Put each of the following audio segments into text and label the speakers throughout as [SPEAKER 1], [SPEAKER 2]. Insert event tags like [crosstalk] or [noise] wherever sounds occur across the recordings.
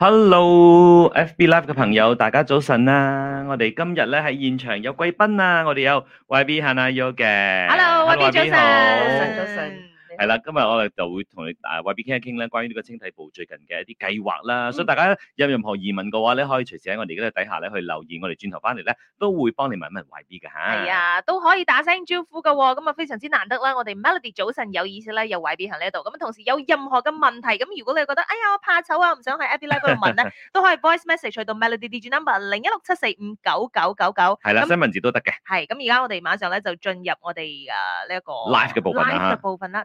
[SPEAKER 1] Hello，FB Live 嘅朋友，大家早晨啊！我哋今日呢喺現場有貴賓啊，我哋有 YB 限阿 Yo 嘅，Hello，YB 早晨，早晨。早晨係啦，今日我哋就會同你啊 YB 傾一傾咧，關於呢個青體部最近嘅一啲計劃啦。所以大家有任何疑問嘅話咧，可以隨時喺我哋呢度底下咧去留言，我哋轉頭翻嚟咧都會幫你問一問 YB 嘅嚇。係啊，
[SPEAKER 2] 都可以打聲招呼嘅喎。咁啊，非常之難得啦，我哋 Melody 早晨有意思咧，又 YB 喺呢度。咁啊，同時有任何嘅問題，咁如果你覺得哎呀我怕醜啊，唔想喺 App Live 嗰度問咧，都可以 Voice Message 去到 Melody 的 Number 零一六七四五九九九九。係啦，Send
[SPEAKER 1] 文字都得嘅。係
[SPEAKER 2] 咁，而家我哋馬上咧就進入我哋啊呢一個 live 嘅部分啦。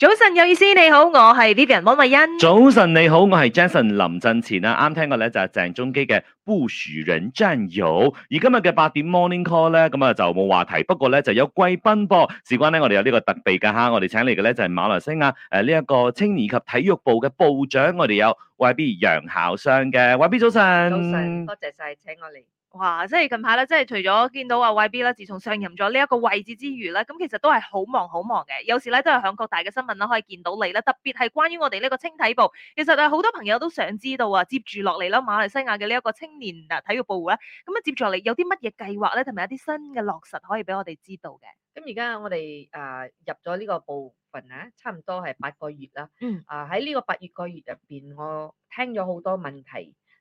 [SPEAKER 2] 早晨有意思，你好，我係 Libian 溫慧欣。
[SPEAKER 1] 早晨你好，我係 Jason 林振前啊，啱聽過咧就係、是、鄭中基嘅不許人佔有。而今日嘅八點 Morning Call 咧，咁啊就冇話題，不過咧就有貴賓噃。事關咧，我哋有呢個特備嘅吓，我哋請嚟嘅咧就係馬來西亞誒呢一個青年及體育部嘅部長，我哋有 YB 楊巧雙嘅 YB 早晨。早晨，
[SPEAKER 2] 多謝晒請我嚟。.哇！即係近排咧，即係除咗見到阿 YB 啦，自從上任咗呢一個位置之餘咧，咁其實都係好忙好忙嘅。有時咧都係響各大嘅新聞啦，可以見到你啦。特別係關於我哋呢個青體部，其實啊好多朋友都想知道啊，接住落嚟啦，馬來西亞嘅呢一個青年啊體育部咧，咁啊接住落嚟有啲乜嘢計劃咧，同埋一啲新嘅落實可以俾我哋知道嘅。
[SPEAKER 3] 咁而家我哋誒、呃、入咗呢個部分啊，差唔多係八個月啦。嗯。啊喺呢個八個月入邊，我聽咗好多問題。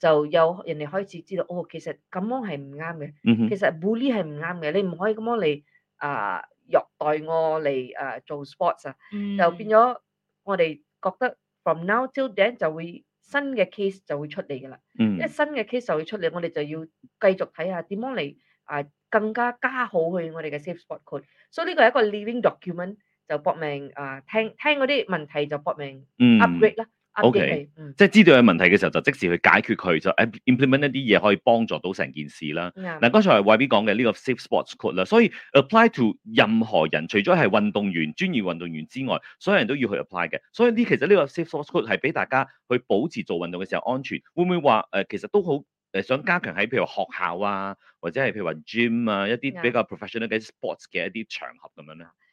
[SPEAKER 3] 就有人哋開始知道，哦，其實咁樣係唔啱嘅，mm hmm. 其實 bully 係唔啱嘅，你唔可以咁樣嚟啊、呃、虐待我嚟誒、呃、做 sports 啊，mm hmm. 就變咗我哋覺得 from now till then 就會新嘅 case 就會出嚟噶啦，一、mm hmm. 新嘅 case 就會出嚟，我哋就要繼續睇下點樣嚟啊更加加好去我哋嘅 safe sport code。所以呢個係一個 living document 就搏命啊、呃、聽聽嗰啲問題就搏命 upgrade、mm hmm. 啦。O.K.，即
[SPEAKER 1] 係知道有問題嘅時候就即時去解決佢就誒，implement 一啲嘢可以幫助到成件事啦。嗱、嗯，剛才係 YB 講嘅呢個 safe sports code 啦，所以 apply to 任何人，除咗係運動員、專業運動員之外，所有人都要去 apply 嘅。所以呢，其實呢個 safe sports code 係俾大家去保持做運動嘅時候安全。會唔會話誒、呃，其實都好誒，想加強喺譬如學校啊，或者係譬如話 gym 啊，一啲比較 professional 嘅 sports 嘅一啲場合咁樣咧？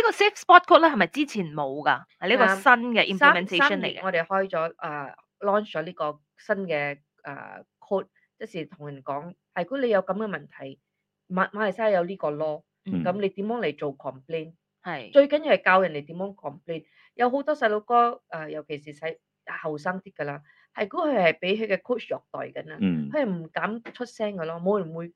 [SPEAKER 3] 呢個 safe spot
[SPEAKER 2] code 咧係咪之前冇噶？
[SPEAKER 3] 係呢個新嘅 implementation 嚟嘅。我哋開咗誒 launch 咗呢個新嘅誒 code，即係同人講係。如果你有咁嘅問題，馬馬來西亞有呢個 law，咁、嗯、你點樣嚟做 complain？係，最緊要係教人哋點樣 complain。有好多細路哥誒，尤其是細後生啲㗎啦。係，估佢係俾佢嘅 coach 虐待緊啦，佢唔、嗯、敢出聲㗎咯。冇人會？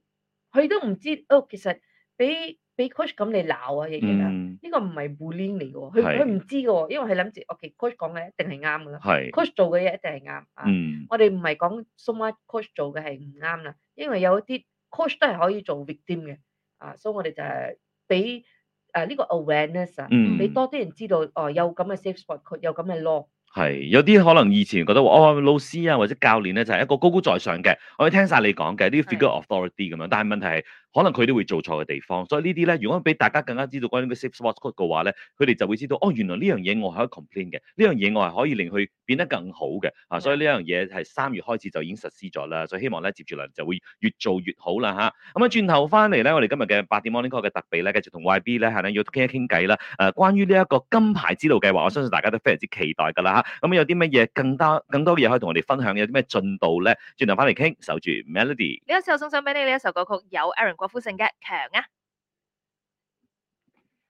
[SPEAKER 3] 佢都唔知哦。其實俾俾 coach 咁你鬧啊嘢嘢啊，呢個唔係 bullying 嚟嘅喎，佢佢唔知嘅喎，因為佢諗住，OK，coach 講嘅一定係啱嘅啦，coach 做嘅嘢一定係啱。嗯，我哋唔係講 so much coach 做嘅係唔啱啦，因為有啲 coach 都係可以做 victim 嘅，啊，所以我哋就係俾誒呢個 awareness，俾多啲人知道哦，有咁嘅 safe spot，有咁嘅 law。
[SPEAKER 1] 係有啲可能以前覺得話哦，老師啊或者教練咧就係一個高高在上嘅，我聽曬你講嘅啲 figure authority 咁樣，但係問題係。可能佢都會做錯嘅地方，所以呢啲咧，如果俾大家更加知道關於咩 safe w a t c h d 嘅話咧，佢哋就會知道哦，原來呢樣嘢我係可以 complain 嘅，呢樣嘢我係可以令佢變得更好嘅啊！是的 所以呢樣嘢係三月開始就已經實施咗啦，所以希望咧接住嚟就會越做越好啦吓，咁啊轉頭翻嚟咧，我哋今日嘅八點 morning call 嘅特備咧，繼續同 YB 咧係啦，要傾一傾偈啦。誒、啊，關於呢一個金牌之路計劃，我相信大家都非常之期待㗎啦吓，咁、啊啊、有啲乜嘢更多更多嘅嘢可以同我哋分享？有啲咩進度咧？轉頭翻嚟傾，守住 Melody。呢一
[SPEAKER 2] 首送上俾你，呢一首歌曲有可靠性嘅強啊！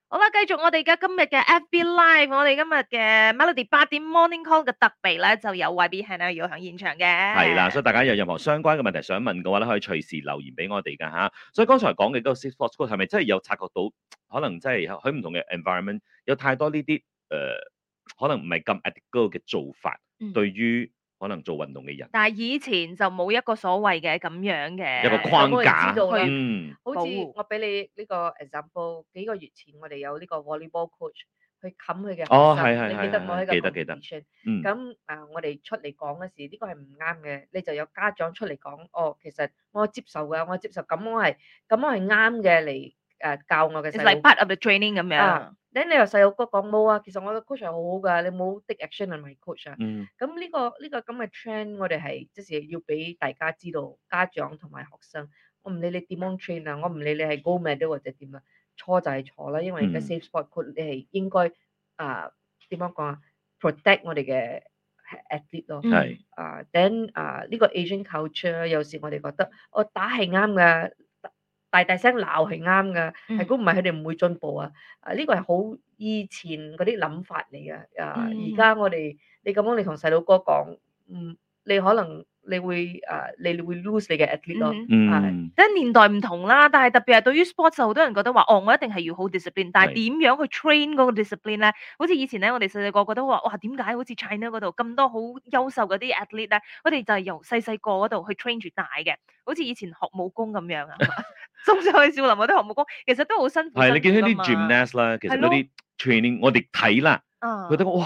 [SPEAKER 2] 好啦、嗯，繼續我哋嘅今日嘅 FB Live，我哋今日嘅 Melody 八點 Morning Call 嘅特備咧，就有 YB Hand 要喺現場嘅。係啦，
[SPEAKER 1] 所以大家有任何相關嘅問題想問嘅話咧，可以隨時留言俾我哋噶吓。所以剛才講嘅嗰個 Six Force 係咪真係有察覺到，可能真係喺唔同嘅 environment 有太多呢啲誒，可能唔係咁 adequate 嘅做法，對於。可能做運動嘅人，但
[SPEAKER 2] 係以前就冇一個所謂嘅咁樣嘅一個框架，嗯，好似
[SPEAKER 3] 我俾你呢個 example，幾個月前我哋有呢個 volleyball coach，去冚佢嘅。哦，係係係，你記得記得，記得。咁、嗯、啊、呃、我哋出嚟講嗰時呢、這個係唔啱嘅，你就有家長出嚟講哦，其實我接受噶，我接受，咁我係咁我係啱嘅嚟誒教我嘅，It's like part of
[SPEAKER 2] the training 咁樣、嗯。
[SPEAKER 3] 等你由細路哥講冇啊，其實我嘅 coaching 好好噶，你冇 take action on my coaching、mm hmm. mm hmm. 咁呢個呢個咁嘅 trend，我哋係即係要俾大家知道，家長同埋學生，我唔理你點樣 train 啊，我唔理你係 gold medal 或者點啊，錯就係錯啦，因為嘅 safe sport，你係應該啊點講啊，protect 我哋嘅 athlete 咯。係。啊 then 啊呢個 Asian culture 有時我哋覺得我打係啱嘅，大大聲鬧係啱㗎，係估唔係佢哋唔會進步啊！啊，呢個係好以前嗰啲諗法嚟嘅啊！而家、嗯、我哋你咁樣你同細佬哥講，
[SPEAKER 4] 嗯，
[SPEAKER 2] 你可能。你會誒，uh, 你會 lose 你嘅 athlete 咯、嗯，係即係年代唔同啦。但係特別係對於 sports 就好多人覺得話，哦，我一定係要好 discipline。但係點樣去 train 嗰個 discipline 咧？是 好似以前咧，我哋細細個都覺得：「，哇，點解好似 China 嗰度咁多好優秀嗰啲 athlete 咧？我哋就係由細細個嗰度去 train 住大嘅，好似以前學武功咁樣啊嘛，甚至 [laughs] 去少林嗰啲學武功，其實都好辛苦。係你見佢啲 gymnast
[SPEAKER 1] 啦，其實嗰啲 training 是咯 我哋睇啦，uh、覺得哇！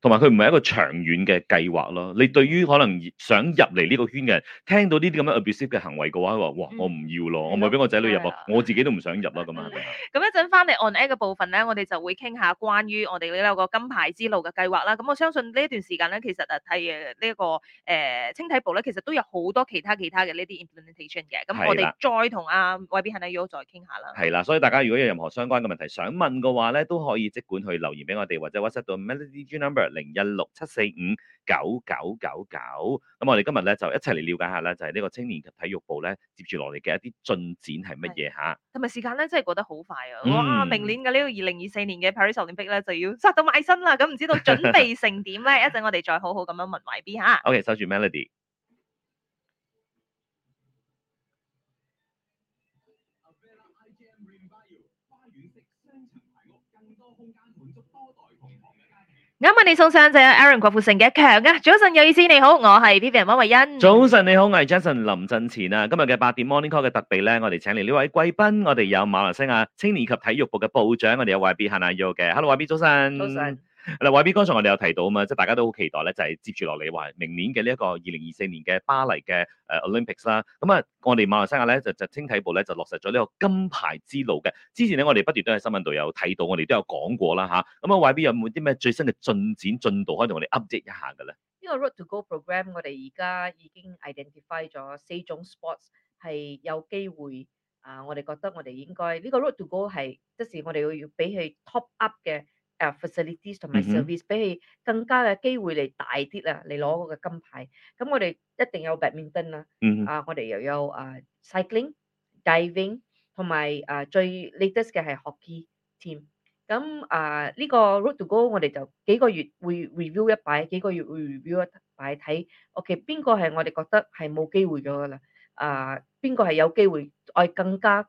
[SPEAKER 1] 同埋佢唔係一個長遠嘅計劃咯。你對於可能想入嚟呢個圈嘅人，聽到呢啲咁樣 abusive 嘅行為嘅話，佢話：哇，我唔要咯，嗯、我咪俾我仔女入啊，嗯、我自己都唔想入啦咁啊。
[SPEAKER 2] 咁一陣翻嚟 on air 嘅部分咧，我哋就會傾下關於我哋呢個個金牌之路嘅計劃啦。咁我相信呢一段時間咧，其實啊係呢一個誒、呃、清體部咧，其實都有好多其他其他嘅呢啲 implementation 嘅。咁我哋再同阿 YB Hannah Yeoh 再傾下啦。係
[SPEAKER 1] 啦、啊啊，所以大家如果有任何相關嘅問題想問嘅話咧，都可以即管去留言俾我哋，或者 WhatsApp 到 Melody number。零一六七四五九九九九，咁我哋今日咧就一齊嚟了解下咧，就係、是、呢個青年及體育部咧接住落嚟嘅一啲進展係乜嘢吓。
[SPEAKER 2] 同埋時間咧真係過得好快啊！嗯、哇，明年嘅、這個、呢個二零二四年嘅 Paris Olympics 咧就要殺到埋身啦，咁唔知道準備成點咧？ [laughs] 一陣我哋再好好咁樣問埋 B 吓。o、okay, k 收住 Melody。啱啱你送上就係 Aaron 郭富城嘅強啊，早晨有意思你好，我係 Vivian 温慧欣，
[SPEAKER 1] 早晨你好，我係 Jason 林振前啊，今日嘅八點 Morning Call 嘅特備咧，我哋請嚟呢位貴賓，我哋有馬來西亞青年及體育部嘅部長，我哋有 YB 夏乃耀嘅，Hello，YB 早晨，早晨。嗱，YB 剛才我哋有提到啊嘛，即係大家都好期待咧，就係、是、接住落嚟話明年嘅呢一個二零二四年嘅巴黎嘅誒、呃、Olympics 啦。咁啊，我哋馬來西亞咧就就青體部咧就落實咗呢個金牌之路嘅。之前咧我哋不斷都喺新聞度有睇到，我哋都有講過啦嚇。咁啊，YB 有冇啲咩最新嘅進展進度可以同我哋 update 一下嘅咧？
[SPEAKER 3] 呢個 Road to Gold Program 我哋而家已經 identify 咗四種 sports 係有機會啊、呃！我哋覺得我哋應該呢、這個 Road to Gold 係即、就、係、是、我哋要要俾佢 top up 嘅。誒 facilities 同埋 service 俾佢更加嘅機會嚟大啲啊，嚟攞嗰個金牌。咁我哋一定有 badminton 啦，啊我哋又有誒 cycling、diving 同埋誒最 latest 嘅係 hockey team。咁誒呢個 road to go 我哋就幾個月會 review 一擺，幾個月會 review 一擺睇，ok 邊個係我哋覺得係冇機會咗㗎啦？啊邊個係有機會我更加？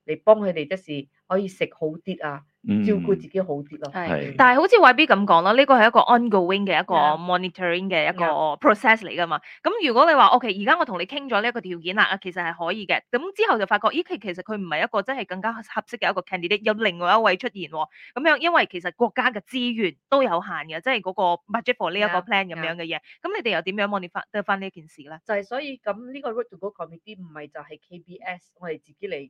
[SPEAKER 3] 嚟幫佢哋，即是可以食好啲啊，照顧自己好啲咯、啊。係、嗯，但
[SPEAKER 2] 係好似 YB 咁講咯，呢個係一個 ongoing 嘅一個 monitoring 嘅一個 process 嚟㗎嘛。咁如果你話 OK，而家我同你傾咗呢一個條件啦，啊其實係可以嘅。咁之後就發覺，咦？其其實佢唔係一個真係更加合適嘅一個 candidate，有另外一位出現喎。咁樣因為其實國家嘅資源都有限嘅，即係嗰個 budget for 呢一個 plan 咁、嗯、樣嘅嘢。咁你哋又點樣？我你翻得翻呢件事啦，
[SPEAKER 3] 就係所以咁呢、這個 Road to Gold committee 唔係就係 KBS，我哋自己嚟。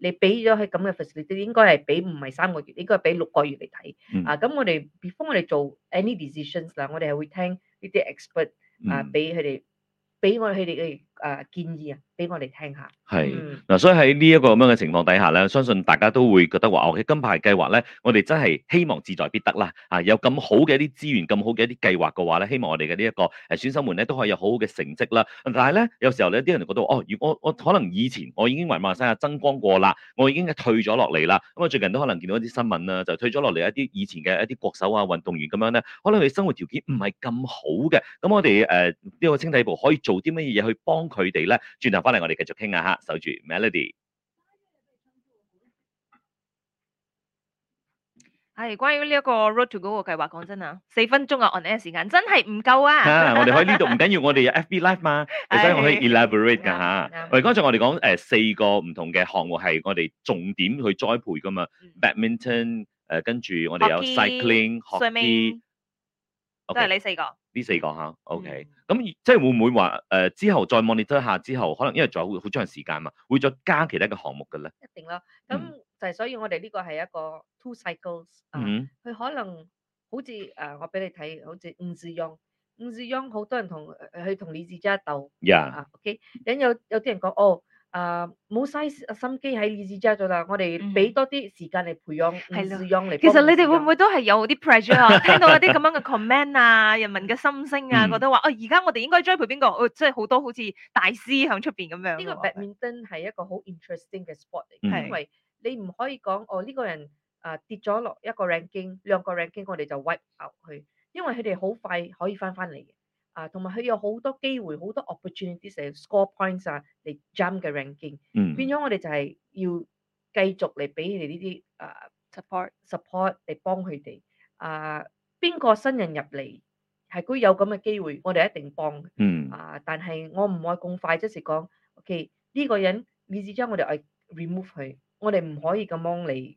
[SPEAKER 3] 你俾咗佢咁嘅 facility，應該係俾唔係三個月，應該係俾六個月嚟睇。啊，咁我哋 before 我哋做 any decisions 啦，我哋係會聽呢啲 expert 啊，俾佢哋，俾我哋佢哋嘅啊建議啊。俾我哋聽下，
[SPEAKER 1] 係嗱、嗯啊，所以喺呢一個咁樣嘅情況底下咧，相信大家都會覺得話，我嘅金牌計劃咧，我哋真係希望志在必得啦，啊，有咁好嘅一啲資源，咁好嘅一啲計劃嘅話咧，希望我哋嘅呢一個誒選手們咧，都可以有好好嘅成績啦。但係咧，有時候咧，啲人就覺得話，哦，我我可能以前我已經為馬來西亞爭光過啦，我已經退咗落嚟啦。咁、嗯、啊，最近都可能見到一啲新聞啦、啊，就是、退咗落嚟一啲以前嘅一啲國手啊、運動員咁樣咧，可能佢生活條件唔係咁好嘅。咁我哋誒呢個青體部可以做啲乜嘢去幫佢哋咧？轉頭。翻嚟我哋繼續傾下嚇，守住 Melody。
[SPEAKER 2] 係關於呢一個 Road to Gold 嘅計劃，講真啊，四分鐘嘅 on air 時間真係唔夠啊！嚇，我哋喺呢度唔
[SPEAKER 1] 緊要，我哋有 FB Live 嘛，真係可以 elaborate 噶嚇。喂，剛才我哋講誒四個唔同嘅項目係我哋重點去栽培噶嘛，badminton 誒跟住我哋有 cycling，hockey、swimming，都係呢四個。呢四個嚇，OK，咁、嗯嗯嗯、即係會唔會話誒、呃、之後再 monitor 下之後，可能因為仲有好長時間嘛，會再加其他嘅項目嘅咧？一
[SPEAKER 3] 定啦。咁就係所以，我哋呢個係一個 two cycles 啊。佢、嗯、可能好似誒、啊，我俾你睇，好似吳志勇。吳志勇好多人同誒去同李志嘉鬥，鬥 Yeah. 啊，OK。咁有有啲人講哦。啊，冇嘥、呃、心機
[SPEAKER 2] 喺 investment 咗啦，我哋俾多啲時間嚟培養，嗯，培養嚟。其實你哋會唔會都係有啲 pressure 啊？ [laughs] 聽到嗰啲咁樣嘅 comment 啊，人民嘅心聲啊，嗯、覺得話啊，而、呃、家我哋應該栽培邊個？即係好多好似大師喺出邊咁樣。呢、嗯、個 badminton 係一個好 interesting 嘅
[SPEAKER 3] sport 嚟，嘅、嗯哦這個呃，因為你唔可以講哦呢個人啊跌咗落一個 ranking，兩個 ranking 我哋就 wipe out 佢，因為佢哋好快可以翻翻嚟嘅。啊，同埋佢有好多機會，好多 opportunities，成、like、score points 啊、uh, 嗯，嚟 jump 嘅 ranking。變咗我哋就係要繼續嚟俾佢哋呢啲啊、uh, support，support 嚟幫佢哋。啊，邊個新人入嚟係佢有咁嘅機會，我哋一定幫。嗯。啊，但係我唔愛咁快，即、即係講，OK，呢個人你只將我哋去 remove 佢，我哋唔可以咁幫你。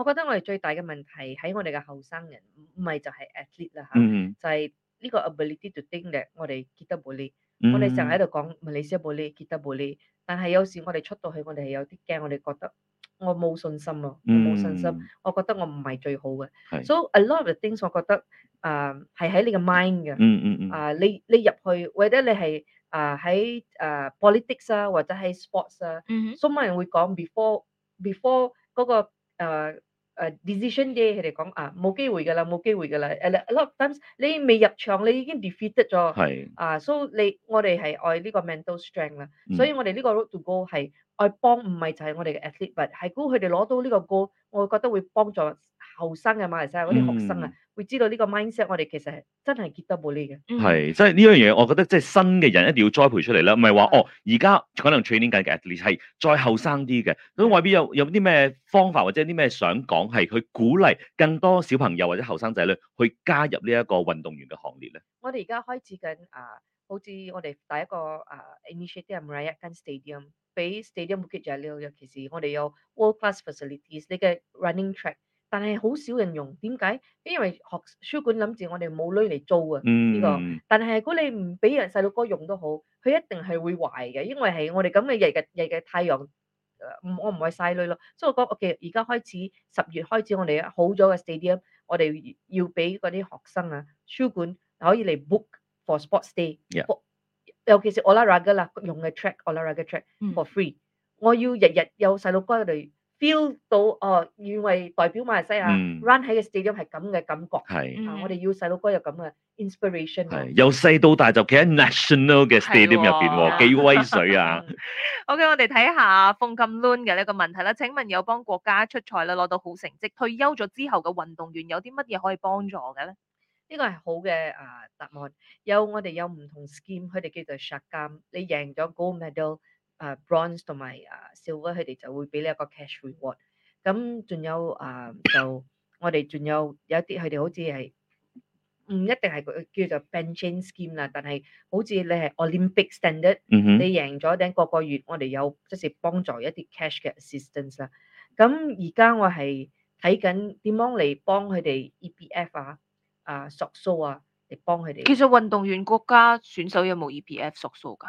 [SPEAKER 2] 我覺得我哋最大嘅問題喺我哋嘅後生人，唔係就係 athlete 啦嚇，
[SPEAKER 3] 就係呢個 ability to think 嘅，我哋 get the boleh。我哋成日喺度講，Malaysia boleh，get the boleh。但係有時我哋出到去，我哋係有啲驚，我哋覺得我冇信心咯，冇信心，我覺得我唔係最好嘅。So a lot of the things，我覺得啊，係喺你個 mind 嘅。嗯嗯嗯。啊，你你入去，或者你係啊喺啊 politics 啊，或者喺 sports 啊。嗯哼。所以冇人會講 before before 嗰個誒。誒、uh, decision day，佢哋講啊，冇機會㗎喇，冇機會㗎喇。誒，lot of times, 你未入場，你已經 defeated 咗。係是。啊、uh, so，所以你我哋係愛呢個 mental strength 啦。嗯、所以我哋呢個 Road to Gold 係愛幫，唔係就係我哋嘅 athlete，係估佢哋攞到呢個 goal，我覺得會幫助後生嘅馬來西亞嗰啲學生啊。嗯會知道呢個 mindset，我哋其實真係 get 得冇呢嘅。
[SPEAKER 1] 係，即係呢樣嘢，我覺得即係新嘅人一定要栽培出嚟啦。唔係話哦，而家可能 training 緊嘅 athletes 係再後生啲嘅。咁外邊有有啲咩方法或者啲咩想講，係去鼓勵更多小朋友或者後生仔咧去加入呢一個運動員嘅行列咧？
[SPEAKER 3] 我哋而家開始緊啊，好似我哋第一個啊 initiative 係馬拉松 stadium，俾 stadium budget 就了尤其是，我哋有 world-class facilities，呢個 running track。但係好少人用，點解？因為學書館諗住我哋冇女嚟租啊，呢、嗯，這個。但係如果你唔俾人細路哥用都好，佢一定係會壞嘅，因為係我哋咁嘅日日日嘅太陽，誒，我唔會曬女咯。所以我講，我其實而家開始十月開始，我哋好咗嘅 Stadium 我哋要俾嗰啲學生啊書館可以嚟 book for sports day 尤其是 Olahraga 啦，用嘅 track Olahraga track for free，嗯。我要日日有細路哥嚟。feel 到哦，以為代表馬來西亞 run 喺嘅 stadium 係咁嘅感覺，係啊，我哋要細路哥有咁嘅
[SPEAKER 2] inspiration，係
[SPEAKER 1] 由細到大就企喺 national 嘅 stadium 入邊喎，幾威水啊
[SPEAKER 2] ！OK，我哋睇下鳳咁 lun 嘅呢個問題啦。請問有幫國家出賽啦攞到好成績，退休咗之後嘅運動員有啲乜嘢可以幫助嘅咧？呢個係好嘅
[SPEAKER 3] 啊答案，有我哋有唔同 scheme 佢哋叫做 shockam 你贏咗 gold medal。Bronze 同埋啊 silver，佢哋就會俾你一個 cash reward。咁仲有啊，就我哋仲有有啲佢哋好似係唔一定係叫做 benchend scheme 啦，但係好似你係 Olympic Standard，你贏咗，頂個個月我哋有即是幫助一啲 cash 嘅 assistance 啦。咁而家我係睇緊點樣嚟幫佢哋 EPF 啊啊索數啊，嚟、啊、幫佢哋。其實運動員國家選手有冇 EPF 索數㗎？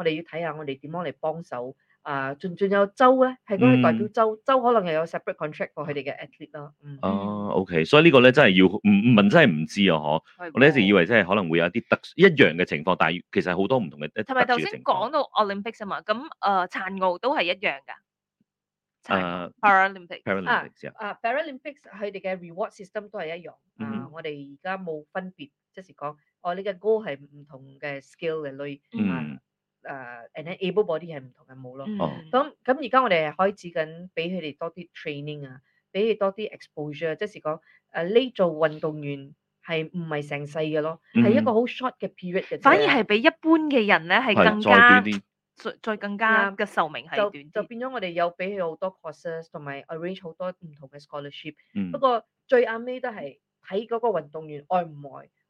[SPEAKER 3] 我哋要睇下我哋點樣嚟幫手啊！仲仲有周咧，係佢代表周，周可能又有 separate contract 過佢哋嘅 athlete
[SPEAKER 2] 咯。
[SPEAKER 1] 哦，OK，所以呢個咧真係要唔唔問真係唔知啊！嗬，我哋一直以為真係可能會有啲特一樣嘅情況，但其實好多唔同嘅。同埋頭先
[SPEAKER 2] 講到 Olympics 嘛？咁誒殘奧都係一樣㗎。誒 Paralympics 啊，誒
[SPEAKER 3] Paralympics 佢哋嘅 reward system 都係一樣。我哋而家冇分別，即係講哦，你嘅 goal 係唔同嘅 skill 嘅類啊。誒、uh，and then an able body 係唔同嘅冇咯。咁咁而家我哋係開始緊俾佢哋多啲 training 啊，俾佢多啲 exposure，即是講誒呢做運動員係唔係成世嘅咯，係一個
[SPEAKER 2] 好 short 嘅 period 嘅。反而係比一般嘅人咧係更加再，
[SPEAKER 3] 再，再更加嘅壽命係短、嗯、就就變咗我哋有俾佢好多 courses，多同埋 arrange 好多唔同嘅 scholarship、嗯。不過最啱尾都係睇嗰個運動員愛唔愛。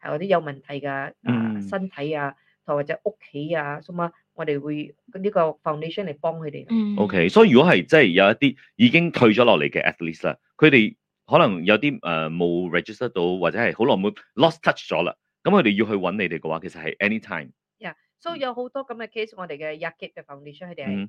[SPEAKER 3] 係啲有問題嘅，誒身體啊，同、嗯、或者屋企啊，咁啊，我哋會呢個 foundation 嚟幫佢哋。嗯。OK，
[SPEAKER 1] 所以如果係即係有一啲已經退咗落嚟嘅 athletes 啦，佢哋可能有啲誒冇、呃、register 到，或者係好耐冇 lost touch 咗啦，咁佢哋要去揾你哋嘅話，其實係 anytime。
[SPEAKER 3] 呀，所以有好多咁嘅 case，我哋嘅 Yakit 嘅 foundation 佢哋。嗯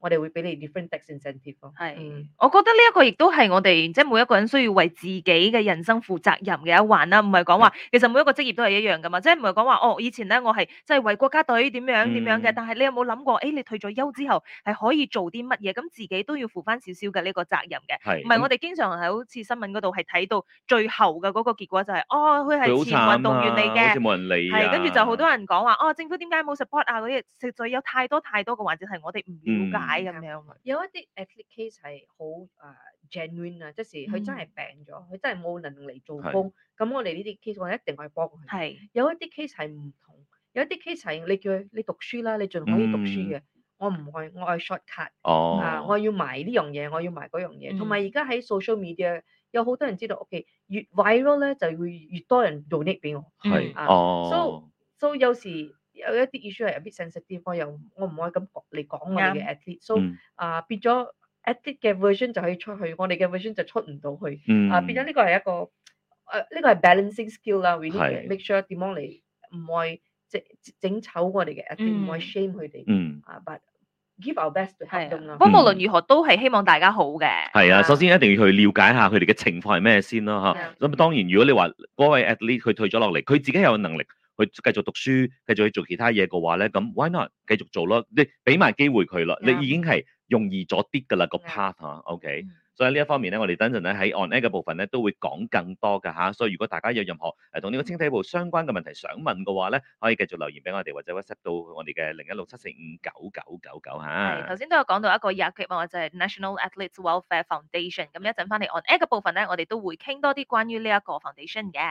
[SPEAKER 3] 我哋會俾你
[SPEAKER 2] different tax incentive 係是，嗯、我覺得呢一個亦都係我哋即係每一個人需要為自己嘅人生負責任嘅一環啦，唔係講話其實每一個職業都係一樣噶嘛，即係唔係講話哦以前咧我係即係為國家隊點樣點樣嘅，嗯、但係你有冇諗過？誒、哎、你退咗休之後係可以做啲乜嘢？咁自己都要負翻少少嘅呢個責任嘅。唔係是我哋經常係好似新聞嗰度係睇到最後嘅嗰個結果就係、是、哦佢係前運動員嚟嘅，啊、冇人理、啊。係，跟住就好多人講話哦政府點解冇 support 啊嗰啲，實在有太多太多嘅環節係我哋唔了解。有一啲 athlete
[SPEAKER 3] case 係好誒
[SPEAKER 2] genuine 啊，即係佢真係
[SPEAKER 3] 病咗，佢真係冇能力做工。咁我哋呢啲 case 我一定係幫佢。係有一啲 case 係唔同，有一啲 case 係你叫佢你讀書啦，你仲可以讀書嘅。我唔愛，我愛 shortcut 哦，我要買呢樣嘢，我要買嗰樣嘢。同埋而家喺 social media 有好多人知道，OK 越 viral 咧就會越多人 donate 俾我。係哦，so so 有時。有一啲 issue 係有啲 sensitive 地方，又我唔可以咁嚟講我哋嘅 athlete，所以啊變咗 athlete 嘅 version 就可以出去，我哋嘅 version 就出唔到去。啊變咗呢個係一個誒呢個係 balancing skill 啦，We need make sure 點樣嚟唔可以整整醜我哋嘅 athlete，唔可以 shame 佢哋。嗯，啊 but
[SPEAKER 2] give our best 係。咁無論如何都係希望大家好嘅。
[SPEAKER 1] 係啊，首先一定要去了解下佢哋嘅情況係咩先囉嚇。咁當然如果你話嗰位 athlete 佢退咗落嚟，佢自己有能力，去繼續讀書，繼續去做其他嘢嘅話咧，咁 why not 繼續做咯？你俾埋機會佢啦，Yeah. 你已經係容易咗啲噶啦個 part 嚇。OK，所以呢一方面咧，我哋等陣咧喺 on air 嘅部分咧都會講更多嘅嚇。所以如果大家有任何誒同呢個青體部相關嘅問題想問嘅話咧，可以繼續留言俾我哋或者 WhatsApp 到我哋嘅零一六七四五九九九九嚇。頭
[SPEAKER 2] 先都有講到一個亞區啊，就係、是、National Athletes Welfare Foundation。咁一陣翻嚟 on air 嘅部分咧，我哋都會傾多啲關於呢一個 foundation 嘅。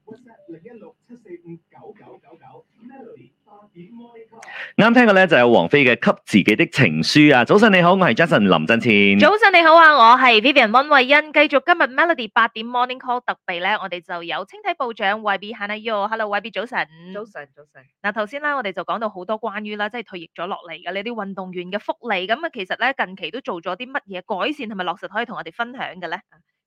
[SPEAKER 1] 零一六七四五九九九九 Melody 啱聽嘅咧，就係、有王菲嘅《給自己的情書》啊！早晨你好，我係 Jason 林振前。早
[SPEAKER 2] 晨你好啊，我係 Vivian 溫慧欣。繼續今日 Melody 八點 Morning Call 特備咧，我哋就有青體部長 Y B Hannah Yeoh。Hello Y B 早晨。早晨早晨。嗱頭先啦，我哋就講到好多關於啦，即係退役咗落嚟嘅呢啲運動員嘅福利咁啊，其實咧近期都做咗啲乜嘢改善，同埋落實可以同我哋分享嘅咧？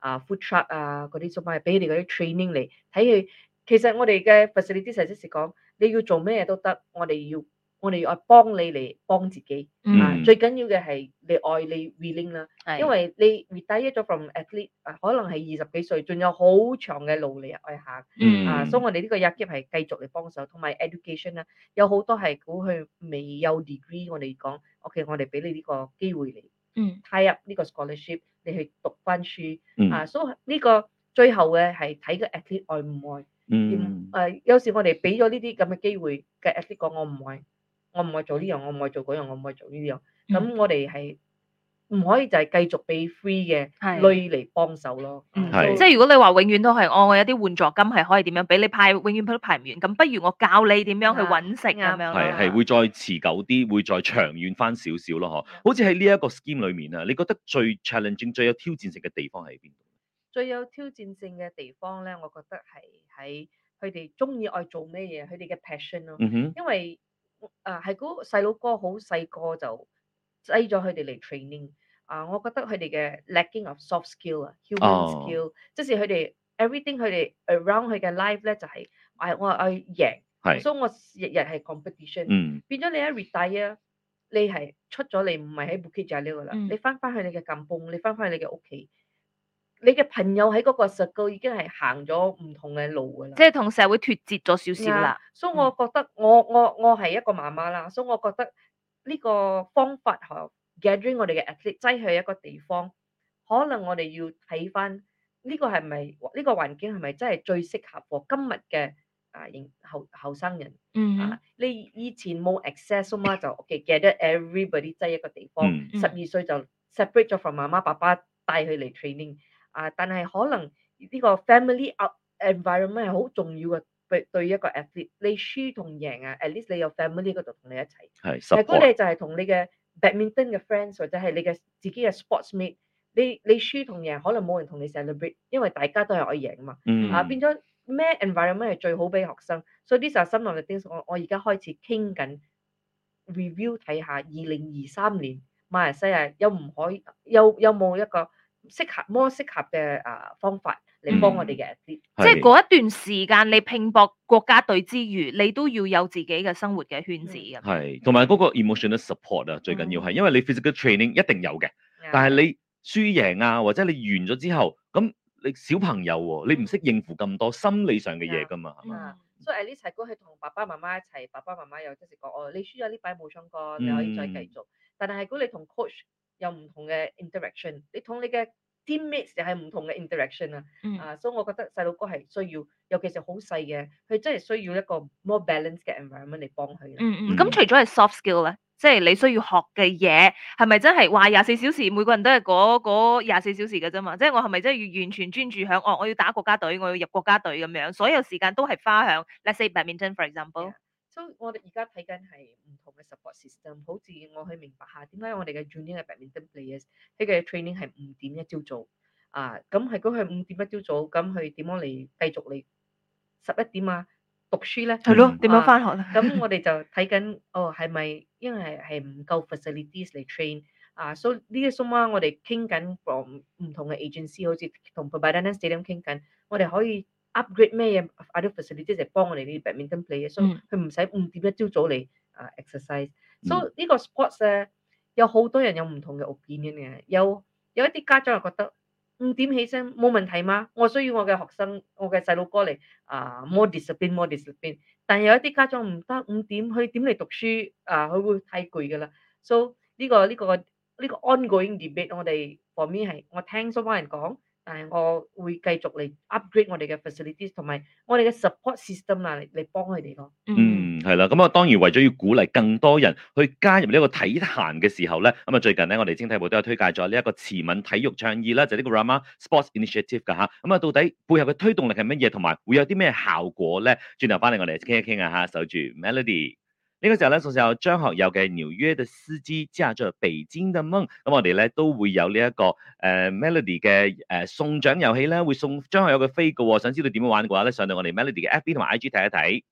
[SPEAKER 3] 啊、uh,，food truck 啊，嗰啲、so uh, mm.，同埋俾你嗰啲 training 嚟睇佢。其實我哋嘅 professional 啲 sales 講，你要做咩都得，我哋要我哋要幫你嚟幫自己。啊，最緊要嘅係你愛你 relying 啦，因為你 retire 咗 from athlete，啊，可能係二十幾歲，仲有好長嘅路嚟去行。Mm. Uh, so、啊，所以我哋呢個 recruit 係繼續嚟幫手，同埋 education 啦，有多好多係係佢未有 degree，我哋講 OK 我哋俾你呢個機會嚟。嗯，貸入呢個 scholarship，你去讀翻書，嗯、啊，所以呢個最後嘅係睇個 athlete 愛唔愛，
[SPEAKER 4] 嗯，
[SPEAKER 3] 誒、呃，有時我哋俾咗呢啲咁嘅機會，嘅 athlete 講我唔愛，我唔愛做呢樣，我唔愛做嗰樣，我唔愛做呢樣，咁、嗯嗯、我哋係。唔可以就係繼
[SPEAKER 2] 續俾 free 嘅的類嚟幫手咯，的嗯，即係的如果你話永遠都係我、哦、我有啲援助金係可以點樣俾你派，永遠派都派唔完，咁不如我教你點樣去揾食啊咁的樣咯，係係
[SPEAKER 1] 會再持久啲，會再長遠翻少少咯呵，好似喺呢一個 scheme 裏面啊，你覺得最 challenging 最有挑戰性嘅地方喺邊度？
[SPEAKER 3] 最有挑戰性嘅地方咧，我覺得係喺佢哋中意愛做咩嘢，佢哋嘅 passion 咯，嗯、哼，因為啊係嗰個細佬哥好細個就。擠咗佢哋嚟 training 啊，uh, 我覺得佢哋嘅 lacking of soft skill 啊，human skill，即、oh. 是佢哋 everything 佢哋 around 佢嘅 life 咧就係、是，我我我贏，所以是、so, 我日日係 competition，嗯、變咗你一 retire，你係出咗嚟唔係喺 Bukit Jalil 呢個啦，你翻翻去你嘅 kampung，你翻翻去你嘅屋企，你嘅朋友喺嗰個 circle 已經係行咗唔同
[SPEAKER 2] 嘅路噶啦，即係同社會脫節咗少少啦 Yeah.
[SPEAKER 3] So,、嗯。所以我覺得我我我係一個媽媽啦，所以我覺得。呢個方法吓 gathering 我哋嘅 athlete 擠去一個地方，可能我哋要睇翻呢個係咪呢個環境係咪真係最適合我今日嘅啊後後生人？嗯，你以前冇 access 嘛，就 okay gather everybody 擠一個地方，十二歲就 separate 咗 from 媽媽爸爸帶佢嚟 training。啊，但係可能呢個 family environment 係好重要嘅。對對，一個 athlete 你輸同贏啊，at least 你有 family 嗰度同你一齊。係，support。嗰你就係同你嘅 badminton 嘅 friends，或者係你嘅自己嘅 sportsmate。你你輸同贏，可能冇人同你 celebrate，因為大家都係愛贏嘛。Mm. 啊，變咗咩 environment 係最好俾學生。所以呢啲就係心內嘅 things。我我而家開始傾緊 review 睇下二零二三年馬來西亞有唔可以有有
[SPEAKER 2] 冇一個。適合 more 適合嘅啊方法，嚟幫我哋嘅、嗯、即係嗰一段時間是的 你拼搏國家隊之餘，你都要有自己嘅生活嘅圈子
[SPEAKER 1] 嘅。係，同埋嗰個 emotional support 啊，最緊要係，因為你 physical training 一定有嘅，但係你輸贏啊，或者你完咗之後，咁你小朋友喎、啊，你唔識應付咁多心理上嘅嘢噶嘛。啊、嗯，
[SPEAKER 3] 所以呢齊哥係同爸爸媽媽一齊，爸爸媽媽又即時講哦，你輸咗呢擺冇相干，你可以再繼續。嗯、但係如果你同 coach。有唔同嘅 interaction，你，你同你嘅 teammates 又係唔同嘅 interaction 啊、mm，啊，所以我覺得細路哥係需要，尤其是好細嘅，佢真係需要一個 more balanced 嘅 environment 嚟幫佢。咁除
[SPEAKER 2] 咗係 soft skill 咧，即係你需要學嘅嘢，係咪真係話廿四小時每個人都係嗰嗰廿四小時嘅啫嘛？即係我係咪真係要完全專注響？哦，我要打國家隊，我要入國家隊咁樣，所有時間都係花響，let's say badminton for example。Yeah.
[SPEAKER 3] 嗯、我哋而家睇緊係唔同嘅 support system，好似我去明白下點解
[SPEAKER 2] 我哋嘅 training 嘅白嚟嘅，呢個 training
[SPEAKER 3] 係五點一朝早啊，咁係佢五點一朝早，咁佢點樣嚟繼續嚟十一點啊讀書咧？係咯、 [laughs] 嗯，點樣翻學啊？咁我哋就睇緊，哦係咪因為係唔夠 facilities 嚟 train 啊？所以呢一 moment 我哋傾緊唔同嘅 agency，好似同 Perbadanan stadium 傾緊，我哋可以。upgrade 咩嘢？其他 facility 即係幫我哋啲 badminton play 嘅，所以佢唔使五點一朝早嚟啊 exercise。So 呢個 sports 咧，有好多人有唔同嘅意見嘅。有有一啲家長又覺得五點起身冇問題嗎？我需要我嘅學生，我嘅細佬哥嚟啊 more discipline，more discipline。但係有一啲家長唔得五點，佢點嚟讀書啊？佢會太攰噶啦。So 呢個呢個呢個 ongoing debate 我哋 for me 係我聽所聞講。但係我會繼續嚟 upgrade 我哋嘅 facilities，同埋我哋嘅 support system 啦，嚟幫佢哋
[SPEAKER 1] 咯。嗯，係啦，咁啊當然為咗要鼓勵更多人去加入呢個體壇嘅時候咧，咁啊最近咧我哋青體部都有推介咗呢一個慈敏體育倡議啦，就係呢個 Rama Sports Initiative 噶吓。咁啊到底背後嘅推動力係乜嘢，同埋會有啲咩效果咧？轉頭翻嚟我哋傾一傾啊吓，守住 Melody。呢個時候咧，就有張學友嘅《紐約的司機》駕著《北京的夢》，咁我哋咧都會有呢、這、一個誒、呃、melody 嘅誒、呃、送獎遊戲啦，會送張學友嘅飛嘅。想知道點樣玩嘅話咧，上到我哋 melody 嘅 FB 同埋 IG 睇一睇。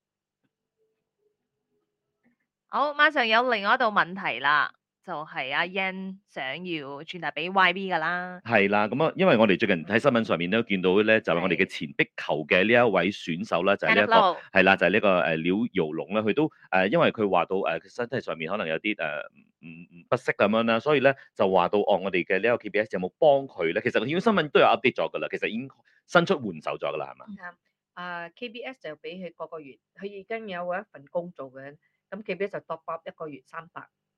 [SPEAKER 2] 好，馬上有另外一道問題啦。就係阿、啊、En 想要傳達俾 YB 噶啦，
[SPEAKER 1] 係啦，咁啊，因為我哋最近喺新聞上面都見到咧，就係我哋嘅前壁球嘅呢一位選手咧、這個， [music] 就係、是、一個係啦，就係呢個誒廖耀龍咧，佢都誒，因為佢話到佢身體上面可能有啲誒唔唔不適咁樣啦，所以咧就話到哦，我哋嘅呢個 KBS 有冇幫佢咧？其實條新聞都有 update 咗噶啦，其實已經伸出援手咗噶啦，係嘛
[SPEAKER 4] 的？
[SPEAKER 3] 啊的、uh,，KBS 就俾佢個個月，佢已經有一份工做嘅，咁 KBS 就 top up 一個月三百。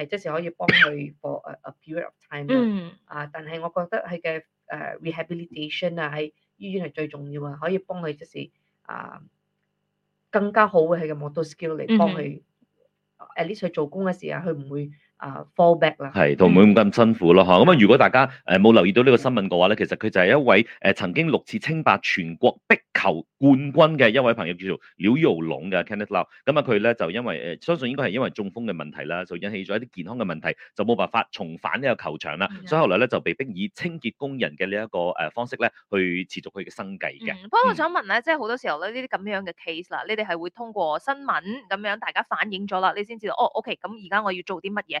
[SPEAKER 3] 係，即係可以幫佢 for a a period of time 咯。啊，但係我覺得佢嘅誒 rehabilitation 啊，喺醫院係最重要啊，可以幫佢即係啊更加好嘅佢嘅 motor skill 嚟幫佢 at least 去做工嘅時候，佢唔會，啊、uh，fall back 啦，係同唔會
[SPEAKER 1] 咁辛苦咯嚇。咁啊、嗯，如果大家誒冇、呃、留意到呢個新聞嘅話咧，其實佢就係一位誒、呃、曾經六次稱霸全國壁球冠軍嘅一位朋友，叫做廖耀龍嘅 Kenneth Lau。咁、嗯、啊，佢咧就因為誒，相信應該係因為中風嘅問題啦，就引起咗一啲健康嘅問題，就冇辦法重返呢個球場啦。所以後來咧就被迫以清潔工人嘅呢一個誒方式咧，去持續佢嘅生計嘅。不過我
[SPEAKER 2] 想問咧，嗯、即係好多時候咧，呢啲咁樣嘅 case 啦，你哋係會通過新聞咁樣大家反映咗啦，你先知道哦，OK，咁而家我要做啲乜嘢？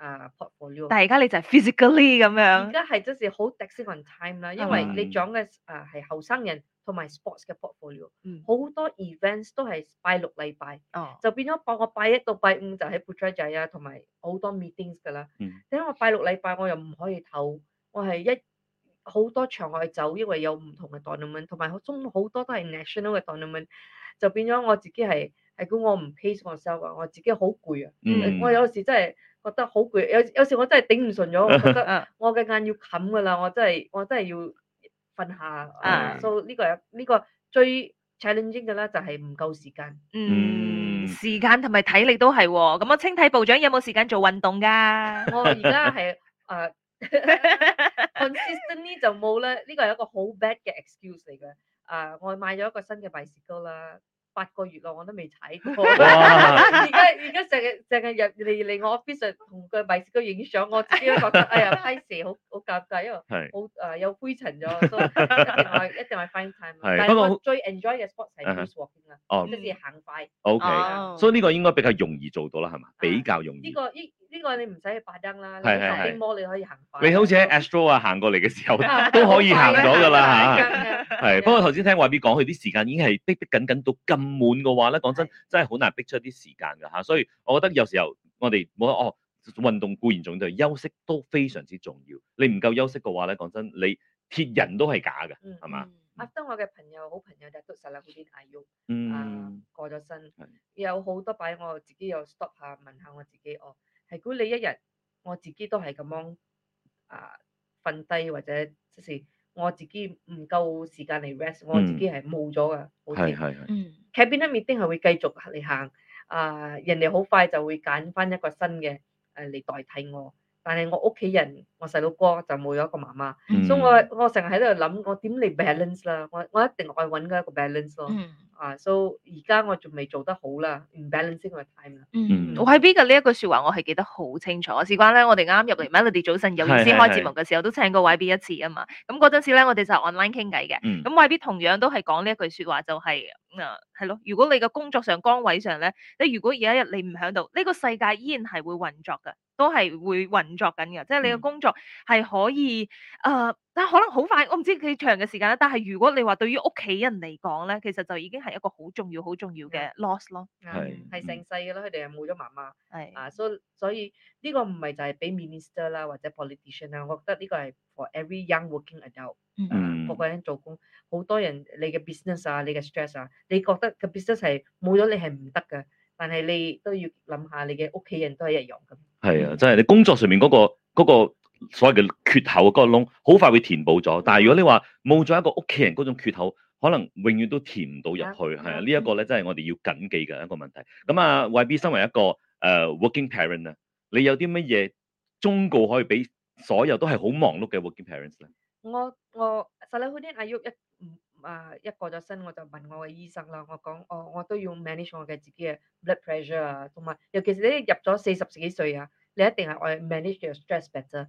[SPEAKER 3] 啊、uh, portfolio，但係而家你就係 physically 咁樣，而家係真係好 dependent time 啦，因為你講嘅、um, 啊係後生人同埋 sports 嘅 portfolio，好、嗯、多 events 都係拜六禮拜，哦、就變咗我拜一到拜五就喺 Putrajaya 啊，同埋好多 meetings 噶啦。咁、嗯、我拜六禮拜我又唔可以唞，我係一好多場外走，因為有唔同嘅 tournament 同埋中好多都係 national 嘅 tournament 就變咗我自己係。如果我唔 pace myself 啊，我自己好攰啊！我有時真係覺得好攰，有有時我真係頂唔順咗，我覺得我嘅眼要冚嘅啦，我真係我真係要瞓下啊！所以呢個呢個最 challenging 嘅啦，就係唔夠時間。嗯，
[SPEAKER 2] 時間同埋體力都係喎、哦。咁我清體部長有冇時間做運動㗎？ [laughs] 我而家係啊 consistently
[SPEAKER 3] 呢就冇啦。呢、這個係一個好 bad 嘅 excuse 嚟嘅。啊、uh,，我買咗一個新嘅壁扇啦。八個月咯，我都未踩過。而家而家成日成日入嚟嚟我 office 同佢迷住佢影相，我自己都覺得哎呀批蛇好好尷尬，因為是好誒有、呃、灰塵咗，所以一定係 find time。係，不過我最 Enjoy 嘅 sport 係 brisk walking 噶，咁樣先行快。O K，所以
[SPEAKER 1] 呢個應該比較容易做到啦，係嘛？比較容
[SPEAKER 3] 易。啊這個這個這個呢個你唔使去擺燈啦，你摸你可以行，你好
[SPEAKER 1] 似喺 Astro 啊，行過嚟嘅時候 [laughs] 都可以行咗噶啦吓。係， [laughs] 不過頭先聽話啲講，佢啲時間已經係逼逼緊緊到咁滿嘅話咧，講真真係好難逼出啲時間噶吓。所以我覺得有時候我哋冇哦，運動固然重要，休息都非常之重要。你唔夠休息嘅話咧，講真，你鐵人都係假嘅，係嘛？阿
[SPEAKER 3] 叔，我嘅朋，朋友，好朋友就係出晒啦，佢哋阿玉啊過咗身，有好多擺我自己又 stop 下問下我自己我。嗯係，如果你一日我自己都係咁樣啊瞓低或者即係我自己唔夠時間嚟 rest，、嗯、我自己係冇咗㗎，好似，係係。嗯，劇變得 meeting 係會繼續嚟行，啊人哋好快就會揀返一個新嘅誒嚟代替我。但係我屋企人，我細佬哥就冇咗一個媽媽，嗯、所以我我成日喺度諗，我點嚟 balance 啦？我 balance, 我,我一定愛揾嗰一個 balance 咯。嗯
[SPEAKER 2] 啊，so 而家我仲未做得好啦，唔 balance 個 time 啦。嗯，YB 嘅呢一句說話，我係記得好清楚。事關咧，我哋啱啱入嚟，Melody 早晨有意思開節目嘅時候，是是是都請過 YB 一次啊嘛。咁嗰陣時咧，我哋就 online 傾偈嘅。咁、嗯、YB 同樣都係講呢一句說話，就係、是、啊，係、嗯、咯。如果你嘅工作上崗位上咧，你如果有一日你唔喺度，呢、這個世界依然係會運作嘅，都係會運作緊嘅。即係你嘅工作係可以，誒、嗯。呃但可能好快，我唔知幾長嘅時間啦。但係如果你話對於屋企人嚟講咧，其實就已經係一個好重要、好重要嘅 loss 咯。係
[SPEAKER 3] 係成世嘅咯，佢哋係冇咗媽媽。係是啊，所以所以呢個唔係就係俾 minister 啦或者 politician 啦。我覺得呢個係 for every young working adult。嗯嗯。啊、個人做工，好多人你嘅 business 啊，你嘅 stress 啊，你覺得個 business 係冇咗你係唔得噶，但係你都要諗下你嘅屋企人都係一樣噶。
[SPEAKER 1] 係啊，即、就、係、是、你工作上面嗰個個。那個所謂嘅缺口嗰，那個窿，好快會填補咗。但係如果你話冇咗一個屋企人嗰種缺口，可能永遠都填唔到入去。係啊，嗯，這個，呢一個咧真係我哋要謹記嘅一個問題。咁啊，YB 身為一個誒、uh, working parent 啊，你有啲乜嘢忠告可以俾所有都係好忙碌嘅 working parents 咧？
[SPEAKER 3] 我我細佬好啲阿玉一啊一過咗身，我就問我嘅醫生啦，我講我我都要 manage 我嘅自己嘅 blood pressure 啊，同埋尤其是你入咗四十幾歲啊，你一定係要 manage your stress better。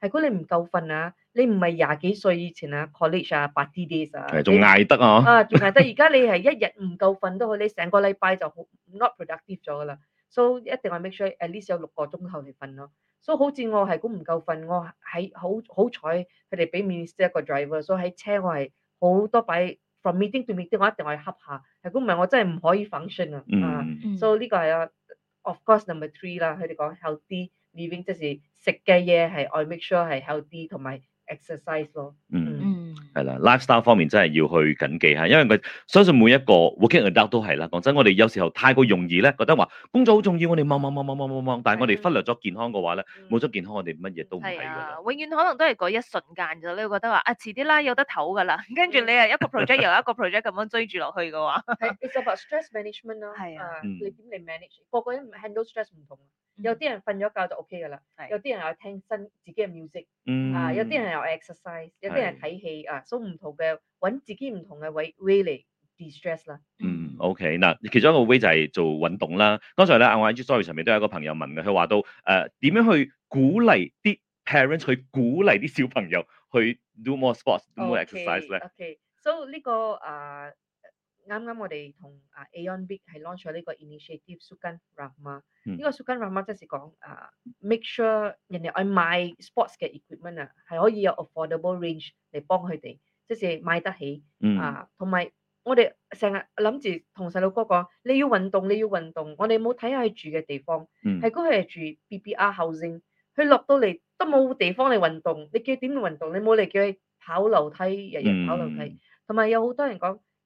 [SPEAKER 3] 係估你唔夠瞓啊？你唔係廿幾歲以前啊，college 啊，parties 啊，仲捱得啊？ [laughs] 啊，仲捱得！而家你係一日唔夠瞓都好，你成個禮拜就好 not productive 咗噶啦。So，一定係 make sure at least 有六個鐘頭嚟瞓咯。所、so, 以好似我係估唔夠瞓，我喺好好彩，佢哋俾 mini 車一個 driver，所以喺車我係好多擺 from meeting to meeting，我一定係恰下。如果唔係我真係唔可以 function 啊？啊、嗯，所以呢個係 of course number three 啦。佢哋講 healthy。living 即係食嘅嘢係，I make sure 係 healthy 同
[SPEAKER 1] 埋 exercise 咯。嗯，係啦，lifestyle 方面真係要去緊記下，因為我相信每一個 working adult 都係啦。講真，我哋有時候太過容易咧，覺得話工作好重要，我哋忙忙忙忙忙忙忙，但係我哋忽略咗健康嘅話咧，冇咗健康，我哋乜嘢都唔係
[SPEAKER 2] 㗎。永遠可能都係嗰一瞬間就咧覺得話啊，遲啲啦有得唞㗎啦，跟住你係一個 project 又一個 project 咁樣追住落去嘅話，係。It's about
[SPEAKER 3] stress management 咯，係啊，你點嚟 manage，點樣 handle stress 唔同啊。
[SPEAKER 2] 有啲人瞓咗
[SPEAKER 3] 覺就 OK 噶啦，有啲人又聽新自己嘅 music，啊有啲人又 exercise，有啲人睇戲啊，所以唔同嘅揾自己唔同嘅位 really distress 啦、嗯。嗯
[SPEAKER 1] ，OK 嗱，其中一個 way 就係做運動啦。剛才咧，我喺 IG Story 上面都有一個朋友問嘅，佢話到誒點、呃、樣去鼓勵啲 parents 去鼓勵啲小朋友去 do more sports，do Okay, more exercise 咧 okay. 呢。OK，
[SPEAKER 3] 所以呢個啊。呃啱啱我哋同啊 Aeon Big 係 launch 咗呢個 initiative Sugar Rama 呢個 Sugar Rama 即係講啊 make sure 人哋愛買 sports 嘅 equipment 啊，係可以有 affordable range 嚟幫佢哋，即係買得起啊。同埋我哋成日諗住同細佬哥講，你要運動，你要運動。我哋冇睇下佢住嘅地方，係佢係住 B B R housing，佢落到嚟都冇地方嚟運動。你叫點運動？你冇嚟叫佢跑樓梯，日日跑樓梯。同埋、嗯、有好多人講。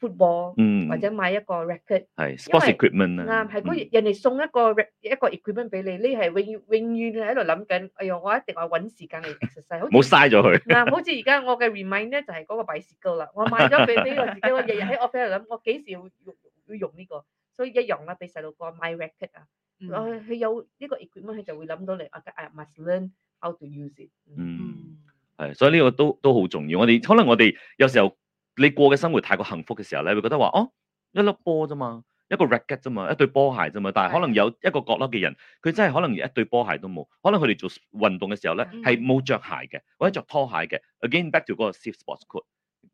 [SPEAKER 3] football 嗯，或者買一個 racket 係 sports equipment 啦，嗱，係嗰人哋送一個一個 equipment 俾你，你係永永遠係喺度諗緊，哎呀我一定我搵時間嚟 exercise，好唔好嘥咗佢。嗱，好似而家我嘅 remind 咧就係嗰個 bicycle 啦，我買咗俾俾我自己，我日日喺 office 度諗，我幾時要用呢個，所以一樣啦，俾細路哥買 racket 啊，佢有呢個 equipment，佢就會諗到你，I must learn how to use it，嗯，
[SPEAKER 1] 係，所以呢個都都好重要，我哋可能我哋有時候。你過嘅生活太過幸福嘅時候咧，會覺得話哦，一粒波啫嘛，一個 racquet 啫嘛，一對波鞋啫嘛。但係可能有一個角落嘅人，佢真係可能一對波鞋都冇。可能佢哋做運動嘅時候咧，係冇着鞋嘅，或者着拖鞋嘅。嗯、Again，back to 嗰個 safe sports court，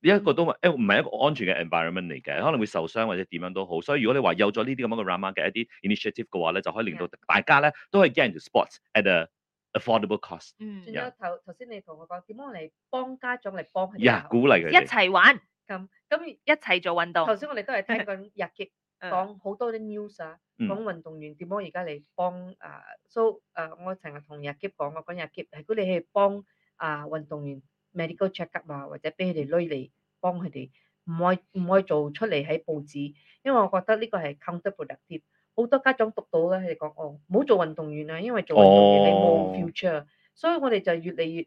[SPEAKER 1] 嗯、一個都唔係一個安全嘅 environment 嚟嘅，可能會受傷或者點樣都好。所以如果你話有咗呢啲咁樣嘅 rama 嘅一啲 initiative 嘅話咧，就可以令到大家咧、嗯、都係 get into sports at a affordable cost。嗯，頭
[SPEAKER 4] 先
[SPEAKER 3] yeah. 你同我講點樣嚟幫家長嚟幫，係、yeah, 鼓勵佢一齊玩。咁咁、um, 一齊做運動。頭先我哋都係聽緊日記講好 [laughs] 多啲 news 啊，講運動員點樣而家嚟幫啊，so 啊、uh,，我成日同日記講啊，嗰日日記係如果你係幫啊運動員 medical check up 啊，或者俾佢哋累嚟幫佢哋，唔可以唔可以做出嚟喺報紙，因為我覺得呢個係 counterproductive。好多家長讀到咧，佢哋講哦，唔、oh, 好做運動員啊，因為做運動員你冇、oh. future。所以我哋就越嚟越。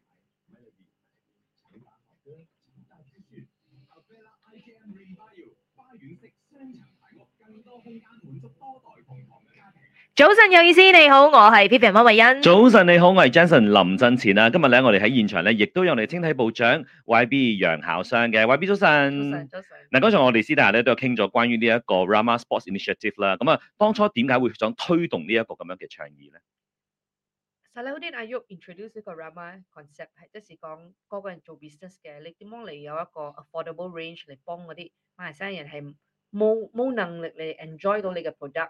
[SPEAKER 2] 早晨有意思，你好，我係 Pippen 溫慧欣。
[SPEAKER 1] 早晨你好，我係 Jason 林振前啊。今日咧，我哋喺現場咧，亦都有我哋青體部長 YB 楊巧雙嘅 YB 早晨。早晨，嗱剛才我哋私底下咧都有傾咗關於呢一個 Rama Sports Initiative 啦。咁啊，當初點解會想推動呢一個咁樣嘅倡議咧？
[SPEAKER 3] 首先我哋係要 introduce 嘅 Rama concept，係即係講，講緊做 business 嘅，你希望利用一個 affordable range 嚟幫嗰啲馬來西亞人係冇冇能力嚟 enjoy 到你嘅 product。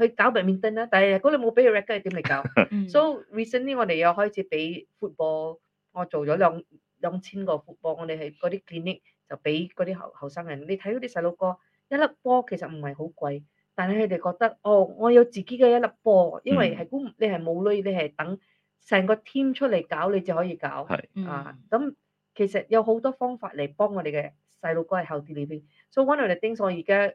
[SPEAKER 3] 佢搞壁面燈啦，啊，但係如果你冇俾佢 record，點嚟搞 [laughs] ？So recently 我哋又開始俾 football，我做咗兩兩千個 football，我哋係嗰啲 clinic 就俾嗰啲後後生人。你睇嗰啲細路哥一粒波，其實唔係好貴，但係佢哋覺得，哦，我有自己嘅一粒波，因為係 [laughs] 你係冇女，你係等成個 team 出嚟搞，你就可以搞。 [laughs] 啊，咁其實有好多方法嚟幫我哋嘅細路哥喺 healthy living So one of the things 我而家。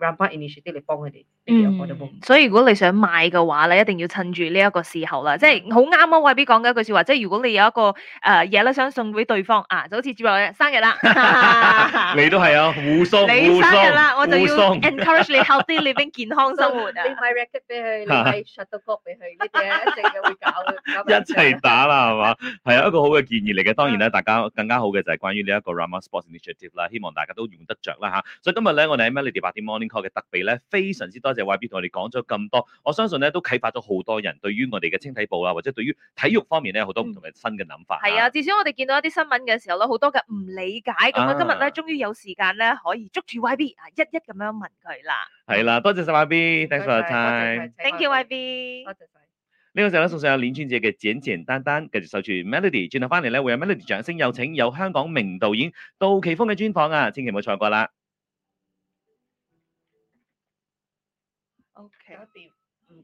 [SPEAKER 2] Rama initiative 嚟幫佢哋，嗯，mm. 所以如果你想買嘅話咧，一定要趁住呢一個時候啦，即係好啱啊！我喺邊講嘅一句説話，即係如果你有一個誒嘢咧，呃、想送俾對方啊，就好似接落嘅生日啦，
[SPEAKER 1] [laughs] [laughs] 你都係啊，互送，你生日啦，松我就要 encourage 你，help 啲你 living 健康生活啊， [laughs] 你買 racket
[SPEAKER 2] 俾佢，買 shuttlecock 俾佢，呢啲嘢一定會搞嘅，
[SPEAKER 1] [laughs] 一齊打啦，係嘛？ [laughs] 係一個好嘅建議嚟嘅，當然咧，大家更加好嘅就係關於呢一個 Rama Sports initiative 啦，希望大家都用得着啦嚇。所以今日咧，我哋喺 Melody 八點 Morning。嘅特備咧，非常之多謝 YB 同我哋講咗咁多，我相信咧都啟發咗好多人對於我哋嘅青體部啊，或者對於體育方面咧好多唔同嘅新嘅諗法。係、嗯、啊，
[SPEAKER 2] 至少我哋見到一啲新聞嘅時候咧，好多嘅唔理解咁、嗯、啊。今日咧，終於有時間咧可以捉住 YB 啊，一一咁樣問佢啦。
[SPEAKER 1] 係啦、啊，多謝晒 YB，thanks 謝 for the 謝謝 Thank you, y o u time，thank you YB。呢謝謝個時候咧送上阿連川姐嘅《簡簡單單》，繼續守住 Melody。轉頭翻嚟咧，會有 Melody 掌聲，有請有香港名導演杜琪峰嘅專訪啊，千祈唔好錯過啦。